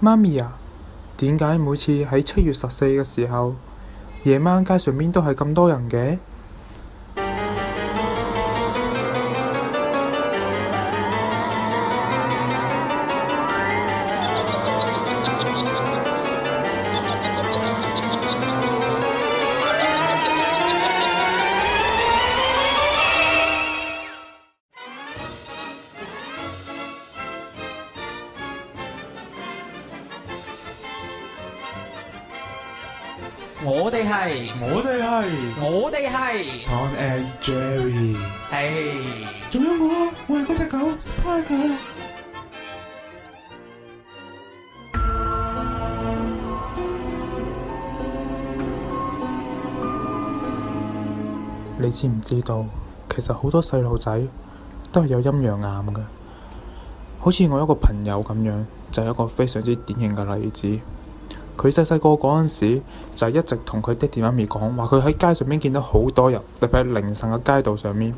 媽咪啊，點解每次喺七月十四嘅時候，夜晚街上邊都係咁多人嘅？我哋係，我哋係，我哋係。Tom and Jerry，係 Hey。仲有我，我係嗰隻狗，Spider。狗，你知唔知道？其實好多細路仔都係有陰陽眼嘅，好似我一個朋友咁樣，就係、是、一個非常之典型嘅例子。佢細細個嗰陣時就係一直同佢爹哋媽咪講話，佢喺街上面見到好多人，特別係凌晨嘅街道上面。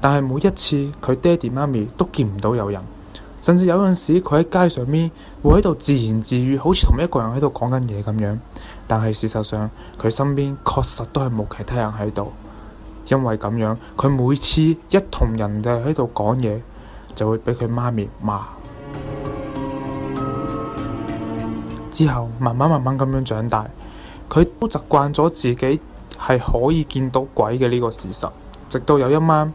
但係每一次佢爹哋媽咪都見唔到有人，甚至有陣時佢喺街上面會喺度自言自語，好似同一個人喺度講緊嘢咁樣。但係事實上佢身邊確實都係冇其他人喺度，因為咁樣佢每次一同人哋喺度講嘢，就會俾佢媽咪罵。之後慢慢慢慢咁樣長大，佢都習慣咗自己係可以見到鬼嘅呢個事實。直到有一晚，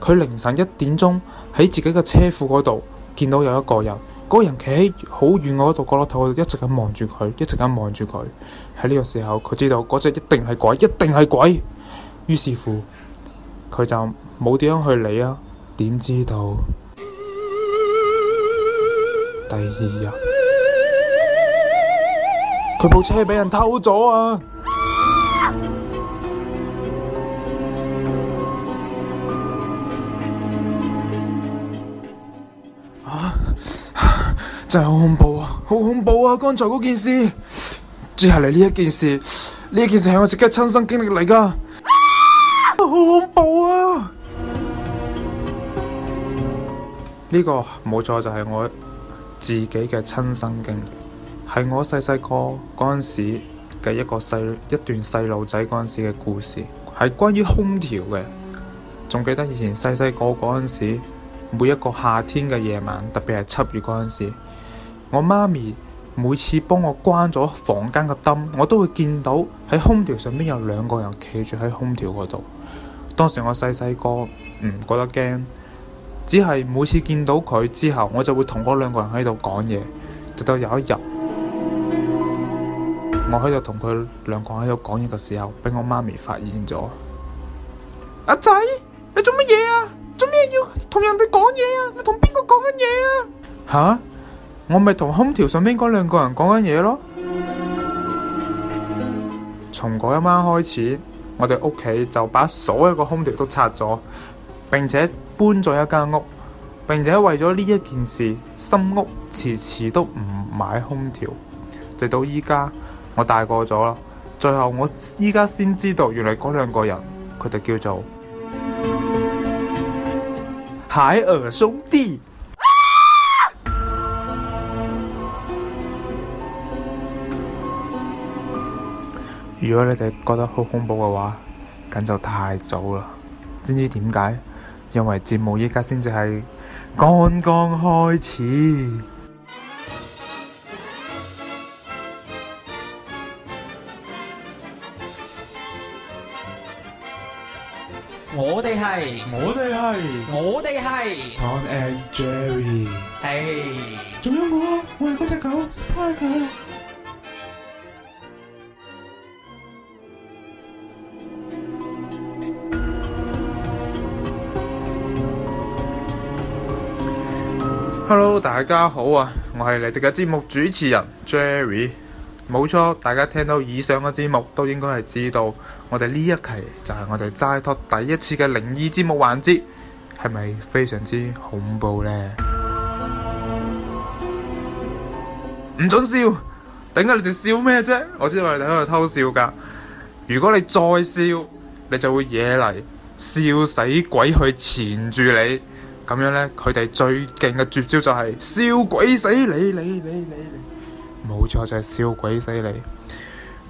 佢凌晨一點鐘喺自己嘅車庫嗰度見到有一個人，嗰個人企喺好遠嗰度角落頭度一直咁望住佢，一直咁望住佢。喺呢個時候，佢知道嗰隻一定係鬼，一定係鬼。於是乎，佢就冇點樣去理啊。點知道第二日，佢部車俾人偷咗啊，啊！吓、啊，真係好恐怖啊！好恐怖啊！剛才嗰件事，接下嚟呢一件事，呢件事係我自己親身經歷嚟㗎，好恐怖啊，這個！呢個冇錯，就係、是、我自己嘅親身經歷。係我細細個嗰陣時嘅一個細一段細路仔嗰陣時嘅故事，係關於空調嘅。仲記得以前細細個嗰陣時，每一個夏天嘅夜晚，特別係七月嗰陣時，我媽咪每次幫我關咗房間嘅燈，我都會見到喺空調上面有兩個人企住，喺空調嗰度。當時我細細個唔覺得驚，只係每次見到佢之後，我就會同嗰兩個人喺度講嘢，直到有一日。我喺度同佢兩個喺度講嘢嘅時候，俾我媽咪發現咗阿、啊、仔，你做乜嘢啊？做咩要同人哋講嘢啊？你同邊個講緊嘢啊？吓、啊，我咪同空調上面嗰兩個人講緊嘢咯。從嗰 一晚開始，我哋屋企就把所有嘅空調都拆咗，並且搬咗一間屋，並且為咗呢一件事，新屋遲遲都唔買空調，直到依家。我大過咗啦，最後我依家先知道，原嚟，嗰兩個人，佢哋叫做海爾兄弟。 如果你哋覺得好恐怖嘅話，咁就太早啦！知唔知點解？因為節目依家先至係剛剛開始。我哋係，我哋係，Tom and Jerry，係，仲有我，我係嗰隻狗，Spiker。Hello，大家好啊，我係你哋嘅節目主持人 Jerry。冇錯，大家聽到以上嘅節目，都應該係知道我哋呢一期就係、是、我哋齋托第一次嘅靈異節目環節，係咪非常之恐怖呢？唔 准笑！點解你哋笑咩啫？我先話你哋喺度偷笑噶。如果你再笑，你就會惹嚟笑死鬼去纏住你。咁樣呢，佢哋最勁嘅絕招就係、是、笑鬼死你，你你你。你你冇錯，就係、是、笑鬼死你。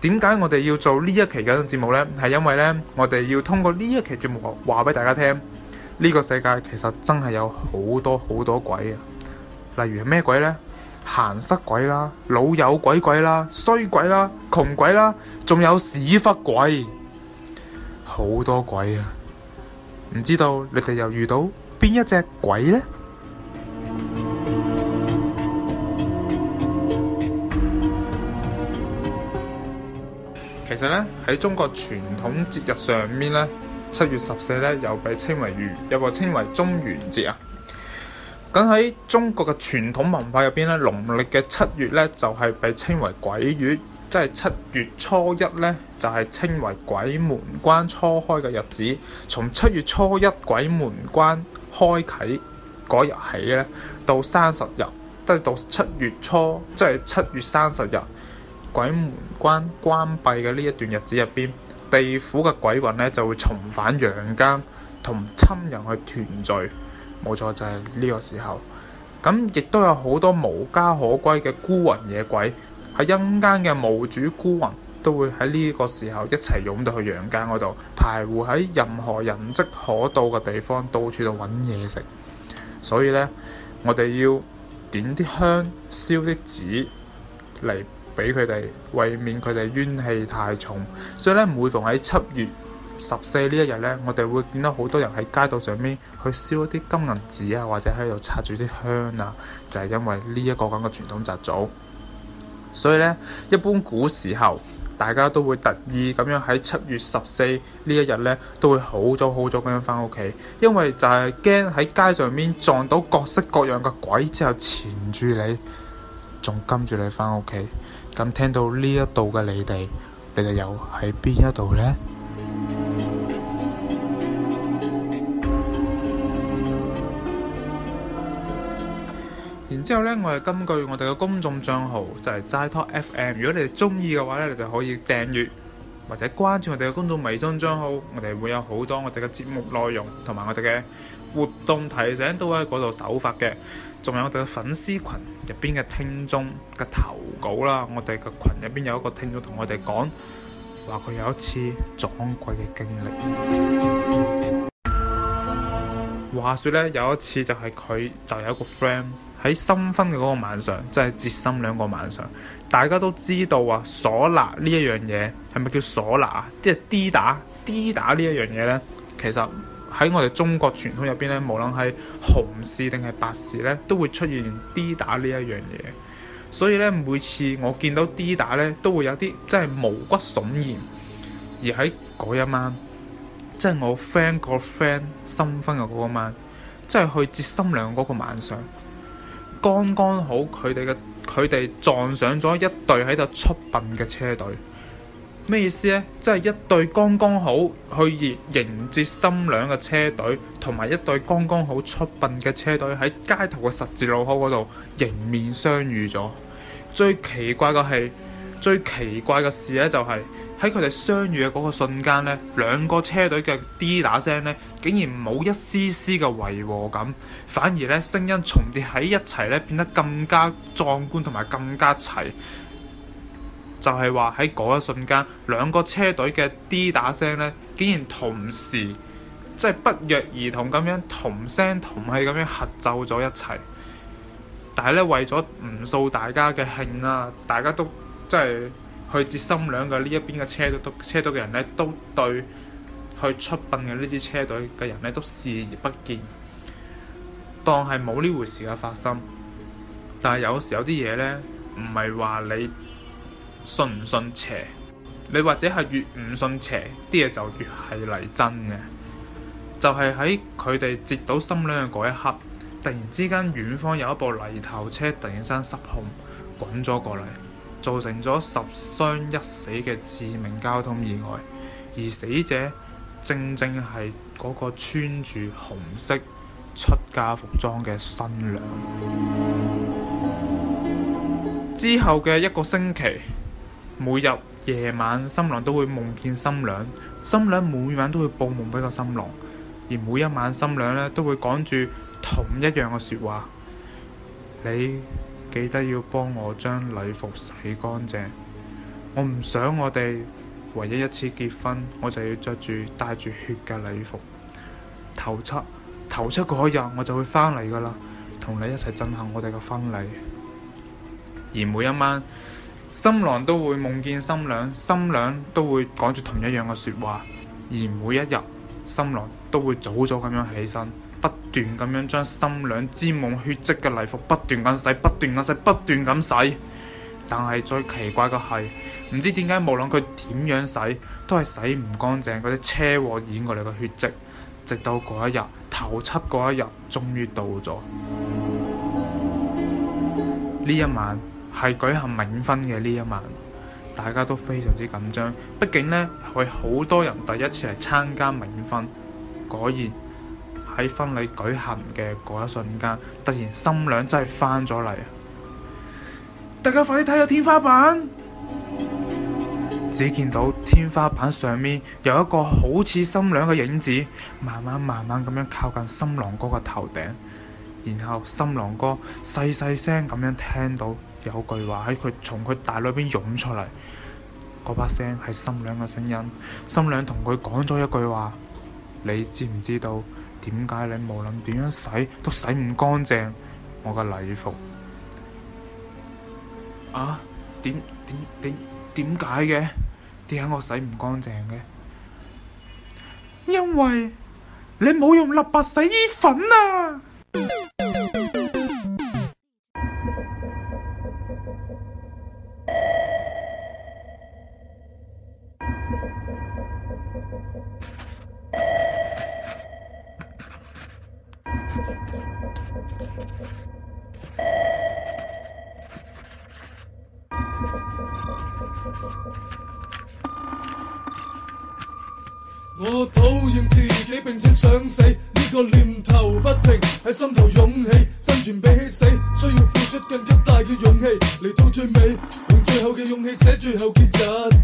點解我哋要做呢一期嘅節目呢？係因為呢，我哋要通過呢一期節目話俾大家聽，呢、這個世界其實真係有好多好多鬼啊！例如係咩鬼呢？鹹濕鬼啦、老友鬼鬼啦、衰鬼啦、窮鬼啦，仲有屎忽鬼，好多鬼啊！唔知道你哋又遇到邊一隻鬼呢？喺中國傳統節日上面咧，七月十四咧又被稱為元，又或稱為中元節啊。咁喺中國嘅傳統文化入邊咧，農曆嘅七月咧就係被稱為鬼月，即係七月初一咧就係稱為鬼門關初開嘅日子。從七月初一鬼門關開啓嗰日起咧，到三十日，即係到七月初，即係七月三十日。鬼門關關閉嘅呢一段日子入邊，地府嘅鬼魂呢就會重返陽間，同親人去團聚。冇錯，就係、是、呢個時候。咁亦都有好多無家可歸嘅孤魂野鬼，喺陰間嘅無主孤魂都會喺呢個時候一齊湧到去陽間嗰度，徘徊喺任何人跡可到嘅地方，到處度揾嘢食。所以呢，我哋要點啲香，燒啲紙嚟俾佢哋，為免佢哋怨氣太重，所以咧每逢喺七月十四呢一日咧，我哋會見到好多人喺街道上面去燒一啲金銀紙啊，或者喺度插住啲香啊，就係因為呢一個咁嘅傳統習俗。所以咧，一般古時候大家都會特意咁樣喺七月十四呢一日咧，都會好早好早咁樣返屋企，因為就係驚喺街上面撞到各式各樣嘅鬼之後纏住你。仲跟住你返屋企，咁聽到呢一度嘅你哋，你哋又喺邊一度呢？然之後呢，我係根據我哋嘅公眾帳號就係齋托 FM，如果你哋中意嘅話呢，你哋可以訂閱。或者關注我哋嘅公眾微信賬號，我哋會有好多我哋嘅節目內容同埋我哋嘅活動提醒都喺嗰度首發嘅。仲有，我哋嘅粉絲群入邊嘅聽眾嘅投稿啦，我哋嘅群入邊有一個聽眾同我哋講，話佢有一次撞鬼嘅經歷。話說呢，有一次就係佢就有一個 friend。喺新婚嘅嗰個晚上，即係結心兩個晚上，大家都知道啊。嗩吶呢一樣嘢係咪叫嗩吶？即係 D 打 D 打呢一樣嘢呢，其實喺我哋中國傳統入邊呢，無論係紅事定係白事呢，都會出現 D 打呢一樣嘢。所以呢，每次我見到 D 打呢，都會有啲真係毛骨悚然。而喺嗰一晚，即係我 friend 個 friend 新婚嘅嗰一晚，即係去結心兩嗰個晚上。剛剛好，佢哋嘅佢哋撞上咗一隊喺度出殯嘅車隊，咩意思呢？即係一隊剛剛好去迎接新娘嘅車隊，同埋一隊剛剛好出殯嘅車隊喺街頭嘅十字路口嗰度迎面相遇咗。最奇怪嘅係。最奇怪嘅事呢、就是、就係喺佢哋相遇嘅嗰個瞬間呢，兩個車隊嘅 D 打聲呢，竟然冇一絲絲嘅違和感，反而呢聲音重疊喺一齊呢，變得更加壯觀同埋更加齊。就係話喺嗰一瞬間，兩個車隊嘅 D 打聲呢，竟然同時即係、就是、不約而同咁樣同聲同氣咁樣合奏咗一齊。但係呢，為咗唔掃大家嘅興啊，大家都～即係去接新娘嘅呢一邊嘅車,車隊，都嘅人呢，都對去出殯嘅呢支車隊嘅人呢，都視而不見，當係冇呢回事嘅發生。但係有時有啲嘢呢，唔係話你信唔信邪，你或者係越唔信邪，啲嘢就越係嚟真嘅。就係喺佢哋接到新娘嘅嗰一刻，突然之間遠方有一部泥頭車突然間失控滾咗過嚟。造成咗十傷一死嘅致命交通意外，而死者正正係嗰個穿住紅色出嫁服裝嘅新娘。 之後嘅一個星期，每日夜晚新郎都會夢見新娘，新娘每晚都會報夢俾個新郎，而每一晚新娘呢都會講住同一樣嘅說話，你。記得要幫我將禮服洗乾淨。我唔想我哋唯一一次結婚，我就要着住帶住血嘅禮服。頭七頭七嗰日，我就會返嚟㗎喇，同你一齊進行我哋嘅婚禮。而每一晚，新郎都會夢見新娘，新娘都會講住同一樣嘅説話。而每一日，新郎都會早早咁樣起身。不斷咁樣將心兩沾滿血跡嘅禮服不斷咁洗，不斷咁洗，不斷咁洗。但係最奇怪嘅係，唔知點解無論佢點樣洗，都係洗唔乾淨嗰啲車禍染過嚟嘅血跡。直到嗰一日，頭七嗰一日，終於到咗。呢一晚係舉行冥婚嘅呢一晚，大家都非常之緊張，畢竟呢，佢好多人第一次嚟參加冥婚。果然。喺婚禮舉行嘅嗰一瞬間，突然新娘真係翻咗嚟，大家快啲睇下天花板！ 只見到天花板上面有一個好似新娘嘅影子，慢慢慢慢咁樣靠近新郎哥個頭頂，然後新郎哥細細聲咁樣聽到有句話喺佢從佢大腦邊湧出嚟，嗰把聲係新娘嘅聲音。新娘同佢講咗一句話，你知唔知道？點解你無論點樣洗都洗唔乾淨我嘅禮服啊？點點點點解嘅？點解我洗唔乾淨嘅？因為你冇用立白洗衣粉啊！ 喺心頭湧起，生存比起死，需要付出更加大嘅勇氣，嚟到最尾，用最後嘅勇氣寫最後結局。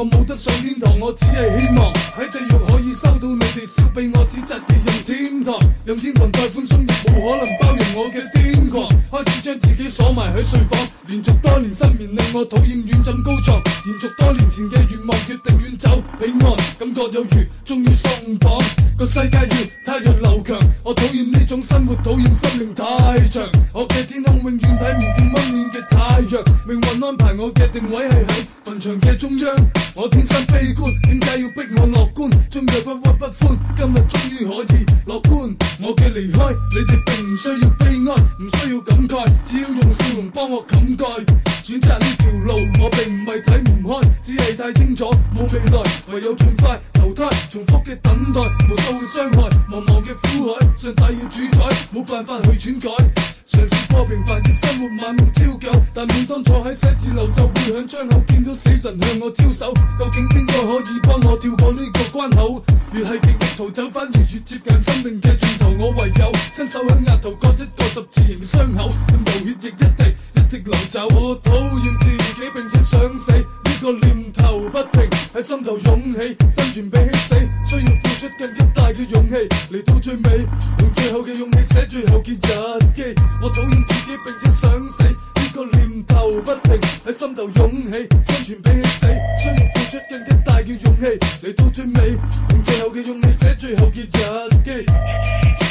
我冇得上天堂，我只係希望喺地獄可以收到你哋燒畀我紙紮嘅任天堂，任天堂再寬鬆亦冇可能包容我嘅癲狂。開始將自己鎖埋喺睡房，連續多年失眠令我討厭遠枕高床。延續多年前嘅願望，決定遠走彼岸，感覺有如終於鬆綁。個世界要汰弱留強，我討厭呢種生活，討厭心靈太長。我嘅天空永遠睇唔見溫暖嘅。命運安排我嘅定位係喺墳場嘅中央，我天生悲觀，點解要逼我樂觀？終日不屈不歡，今日終於可以樂觀。我嘅離開，你哋並唔需要悲哀，唔需要感慨，只要用笑容幫我感慨。選擇呢條路，我並唔係睇唔開，只係太清楚冇未來，唯有盡快投胎。重複嘅等待，無數嘅傷害，茫茫嘅苦海，上帝要主宰，冇辦法去轉改。嘗試過平凡嘅生活，晚五朝九，但每當坐喺寫字樓，就會向窗口見到死神向我招手。究竟邊個可以幫我跳過呢個關口？越係極力逃走，反而越接近生命嘅盡頭。我唯有親手喺額頭割一個十字形嘅傷口，任由血液一滴一滴，一滴流走。我討厭自己，並且想死。個念頭不停喺心頭湧起，生存比起死，需要付出更加大嘅勇氣，嚟到最尾，用最後嘅勇氣寫最後嘅日記。我討厭自己，並且想死。呢、這個念頭不停喺心頭湧起，生存比起死，需要付出更加大嘅勇氣，嚟到最尾，用最後嘅勇氣寫最後嘅日記。